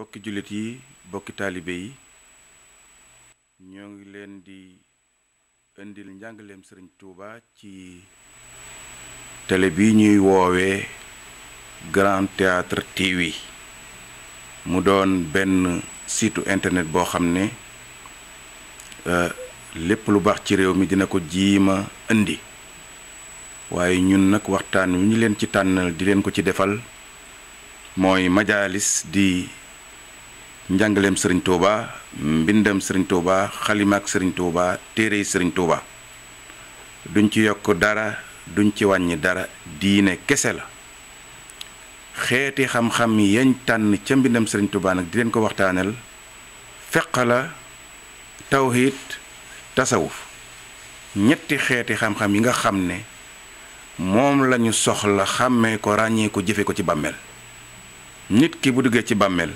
bokki jullit yi bokki taalibe yi ñoo ngi leen di indil njàngaleem sëriñ Touba ci télé bi ñuy woowee Grand Théâtre TV mu doon benn site internet boo xam ne euh, lépp lu baax ci réew mi dina ko jiima indi waaye ñun nag waxtaan wi ñu leen ci tànnal di leen ko ci defal mooy majaalis di njàngaleem sëriñ Touba mbindam sëriñ Touba xalimaak sëriñ téere yi sëriñ Touba duñ ci yokk dara duñ ci wàññi dara diine kese la xeeti xam-xam yañ tànn ca mbindam sëriñ Touba nag di leen ko waxtaaneel feq la tawhid tasawuf ñetti xeeti xam-xam yi nga xam ne moom lañu soxla xàmmee ko ràññee ko jëfe ko ci bàmmeel nit ki bu duggee ci bàmmeel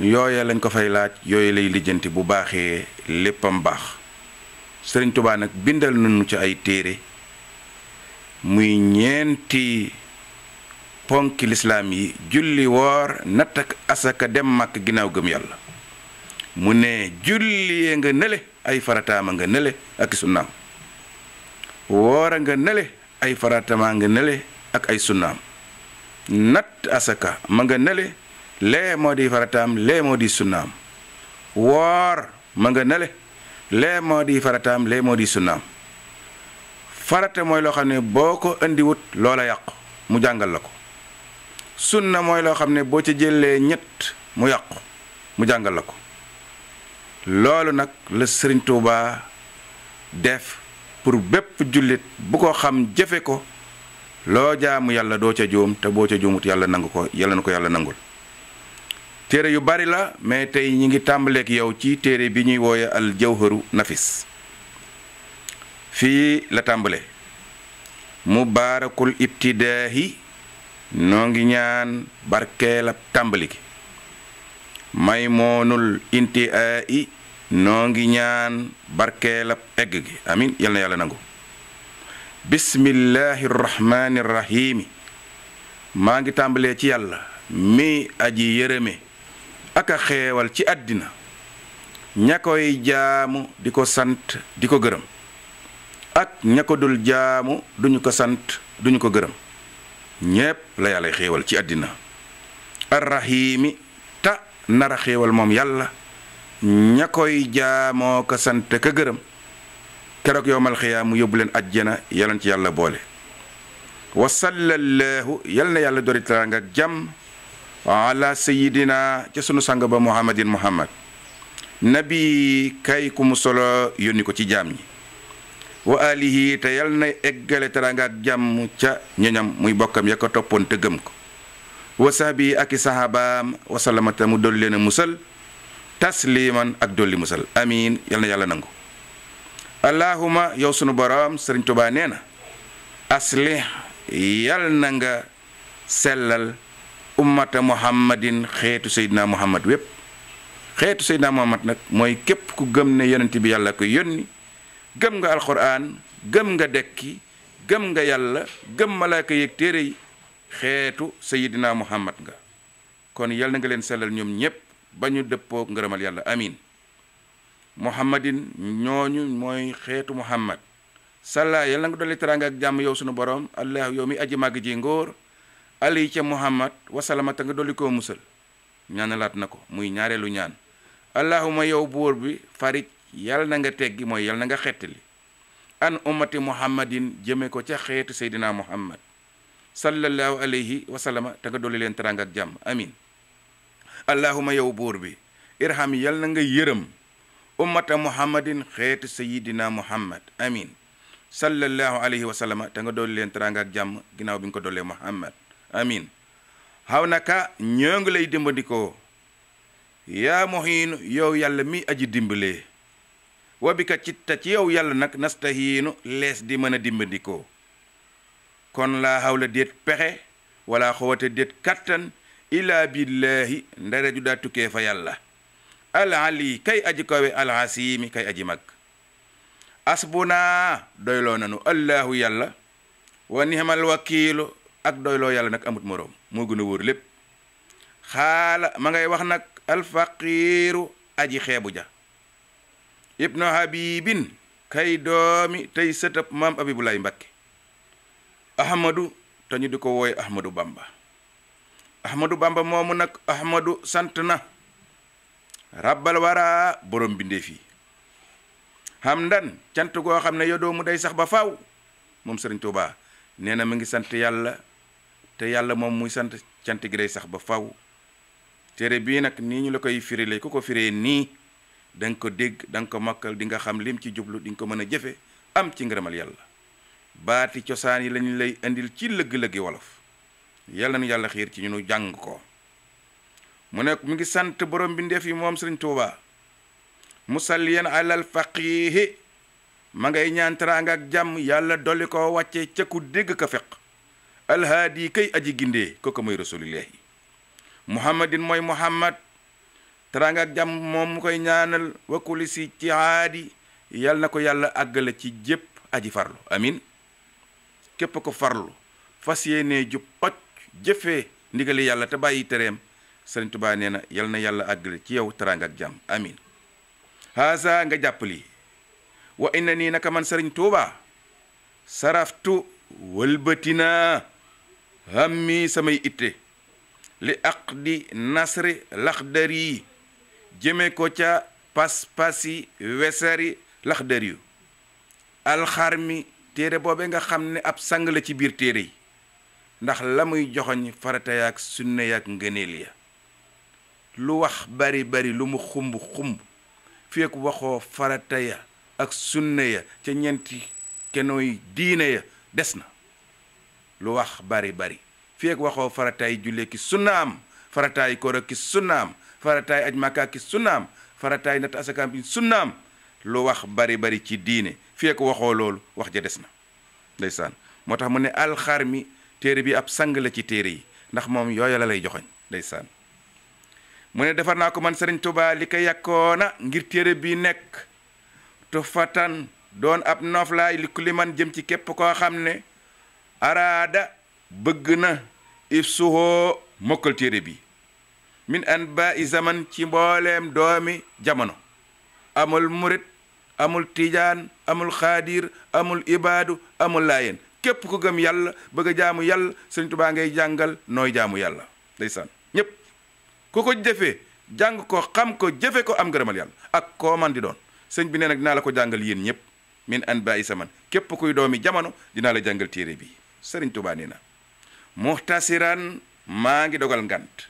yooye lañ ko fay laaj yooye lay lijjanti bu baaxee léppam baax sëriñ tubaa nag bindal nañu ci ay téere muy ñeenti ponki lislaam yi julli woor natt asaka dem màkk ginnaaw gëm yàlla mu ne julli nga nele ay farataama nga nele ak sunnaam woora nga nele ay faratama nga nele ak ay sunnaam natt asaka ma nga nele leemoodi faratam leemoodi sunnaam woor manga nale leemoodi faratam leemoodi sunnaam farata mooy loo xam ne boo ko indi wut loola yàqu mu jàngal la ko sunna mooy loo xam ne boo ca jëllee ñett mu yàqu mu jàngal la ko loolu nag la sëriñ tuuba def pour bépp jullit bu ko xam jëfe ko loo jaamu yàlla doo ca juum te boo ca juumut yàlla nangu ko yàlla na ko yàlla nangul téere yu bari la mais tey ñi ngi tàmbaleek yow ci bi ñuy wooye al jawharu nafis Fi la tàmbale mubarakul ibtidaahi noo ngi ñaan barkeelab tàmbali gi maymoonul intiaa'i noo ngi ñaan barkeelab egg gi amin yal na yàlla nangu bismillahi rahmanir rahiimi maa ngi tàmbalee ci yàlla mi aji yërëme ak a xeewal ci àddina ña koy jaamu di ko sant di ko gërëm ak ña ko dul jaamu duñu ko sant duñu ko gërëm ñépp la yàlla xéewal ci àddina arrahiimi ta nara xéewal moom yalla ña koy jaamoo ko sant ka gërëm keroog yowmal xiyaam mu yóbbu leen ajjana yàlla ci yàlla boole wasallallaahu yal na yàlla dori teraanga ak wa ala sayidina ca sunu sang ba muhammadin muhammad nabi kay ku mu solo yónni ko ci jaam ñi wa alihi te yal na eggale teraanga ak ca ñoñam muy bokkam ya ko toppoon te gëm ko wa sahbi ak i sahabaam wasalamata mu dolli leen musal tasliman ak dolli musal amin yal na yàlla nangu allahuma yow sunu boroom sëriñ Tuubaa nee na aslih yal na nga sellal ummat muhammadin xeetu sayyidina muhammad wépp xeetu sayyidina muhammad nag mooy képp ku gëm ne yonent bi yàlla ko yónni gëm nga alquran gëm nga dekki gëm nga yàlla gëm malaaka yeeg téere yi muhammad nga kon yàlla nga leen sellal ñoom ñépp ba ñu ngërëmal amin muhammadin ñooñu mooy xeetu muhammad salla yàlla nga nga li teraanga ak jàmm yow sunu borom allah yow mi aji màgg ji ngóor ali ca muhammad ta nga dolli koo musal ñaanalaat na ko muy ñaareelu ñaan allahuma yow buur bi farij yàlla na nga teggi mooy yàlla na nga xettali an ummati muhammadin jëme ko ca xeetu seydina muhammad sallallahu alayhi wa sallama te nga dolli leen teranga ak jàmm amin allahuma yow buur bi irham yàlla na nga yërëm ummata muhammadin xeetu seydina muhammad amin sallallahu alayhi wa sallama te nga dolli leen teranga jàmm ginnaaw bi nga ko dollee muhammad amin hawnaka ñoŋgle dimbo ndiko ya mohino yow yalla mi aji dimbele wabi ka citta ci yow yalla nak nasta hino les di mana dimbe ndiko kon la hawla diet pexe wala xowata diet kattan ila billahi ndare juda tuke fa yalla al ali kay aji kawe al asimi kay aji mak asbuna doylo nanu allahu yalla wa ni'mal wakilu ak loyal yalla nak amut morom mo gëna wër lepp xala ma ngay wax al faqir aji xeebu ja ibnu habibin kay doomi tey sëtëb mam abibulaay ahmadu tañu diko woy ahmadu bamba ahmadu bamba momu nak ahmadu santna rabbal wara borom binde fi hamdan cant go xamne yodo mu day sax ba faaw mom serigne touba neena na ngi sante yalla te yàlla moom muy sant cant gi day sax ba faw tere bii nag nii ñu la koy firile ku ko firee nii da ko dégg dang ko makkal di nga xam lim ci jublu di ko mën am ci ngërëmal yàlla baati cosaan yi lañ lay indil ci lëgg-lëggi wolof yàlla na yàlla xiir ci ñu jàng ko mu ne mu ngi sant borom ndef yi moom sëriñ Tuuba musalliyan alal faqihi ma ngay ñaan teraanga jàmm yàlla dolli ko wàccee ca ku dégg ka feq hadi kay aji ko ko moy rasulillahi muhammadin moy muhammad teranga jam mom koy ñaanal wakkuli si ci hadi yal nako yalla ci jep aji farlu amin kep ko farlu fasiyene ju pat tabai ndigali yalla te bayyi terem serigne touba neena jam na yalla ci yow teranga jam amin haza nga jappali wa innani nakaman naka man saraftu walbatina hammi samay itte li aq di nasri laxdari yi jëme ko ca pas-pasi wesari laxdari yu alxarmi téere boobe nga xam ne ab sang la ci biir téere yi ndax la muy joxoñ farata yaak sunna yaak ngëneel ya lu wax bari bari lu mu xumb xumb feek waxoo farata ya ak sunna ya ca ñeenti kenooy diine ya des na lu wax bari bari fii ak waxoo farataay jullee ki sunnaam farataay koor ki sunnaam farataay aj makka ki sunnaam farataay lu wax bari bari ci diine fii waxoo loolu wax ja des na ndeysaan moo tax mu ne alxarmi téere bi ab sang la ci téere yi ndax moom yooya la lay joxoñ ndeysaan mu ne defar naa ko man Sëriñ Tuubaa li ngir téere bi nekk tufatan doon ab nooflaay li ku jëm ci képp koo xam ne araada bëgg na ifsuhoo mokkal téere bi min an ba i zaman ci mbooleem doomi jamono amul murit amul tiijaan amul xaadir amul ibaadu amul laayeen képp ku gëm yàlla bëgg a jaamu yàlla sëñ tubaa ngay jàngal nooy jaamu yàlla ndeysaan ñépp ku ko jëfee jàng ko xam ko jëfe ko am ngërëmal yàlla ak koo man di doon sëñ bi nee nag dinaa la ko jàngal yéen ñëpp min an ba i zaman képp kuy doomi jamono dinaa la jàngal téere bi sëriñ Tuubaa ni na muxtasiraan maa ngi dogal ngant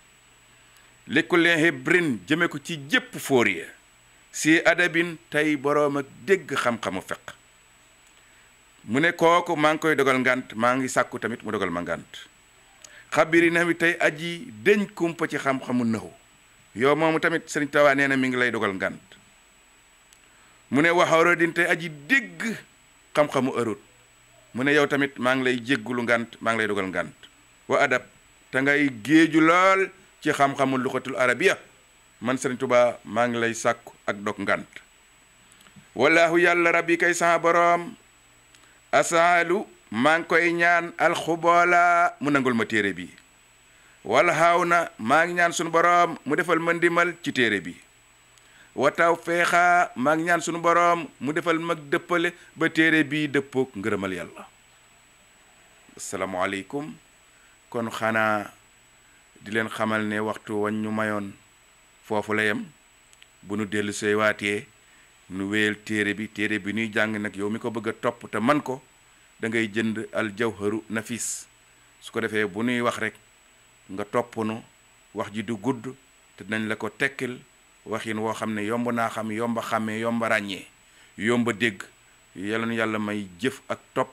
likkulee hebrin jëme ko ci jépp jëpp fóoriya si adabin tey boroom ak dégg xam-xamu feq mu ne kooku maa ngi koy dogal ngant maa ngi sàkku tamit mu dogal ma ngant xabiri na mi tey aji deñ kumpa ci xam-xamu nëxu yow moomu tamit sëriñ Tuubaa nee na mi ngi lay dogal ngant mu ne waxawra tey aji dégg xam-xamu ërut mu ne yow tamit maa ngi lay jéggulu ngant maa ngi lay dogal ngànt wa adab te ngay géeju lool ci xam-xamu luxatul arabiya man sëriñ tubaa maa ngi lay sàkku ak dog ngànt wallahu yàlla rabbi kay sama boroom asalu maa ngi koy ñaan alxuboola mu nangul ma téere bi wala xaaw na maa ngi ñaan sunu boroom mu defal ma ndimal ci téere bi wataw fexa feexa ngi ñaan sunu borom mu defal mag deppele ba bi deppok ngeureumal yalla assalamu alaykum kon xana di len xamal ne waxtu wañ ñu mayoon foofu la yem bu nu dellu sey waatee nu wéyal téré bi téré bi nuy jang nak yow mi ko bëgg top man ko da ngay jënd al jawharu nafis su ko defee bu nuy wax rek nga topp wax ji du gudd te dinañ la ko waxin woo xam ne yomb naa xam yomb a xàmmee yomb a ràññee yomb dégg yal na yàlla may jëf ak topp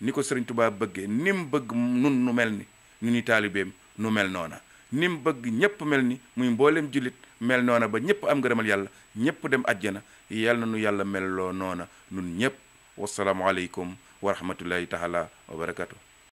ni ko sëriñ Tuubaa bëggee ni bëgg nun nu mel ni nu ni taalibeem nu mel noona ni mu bëgg ñépp mel ni muy mbooleem jullit mel noona ba ñépp am ngërëmal yàlla ñépp dem àjjana yal na nu yàlla mel loo noona nun ñépp wasalaamualeykum wa rahmatullahi taala wa barakatu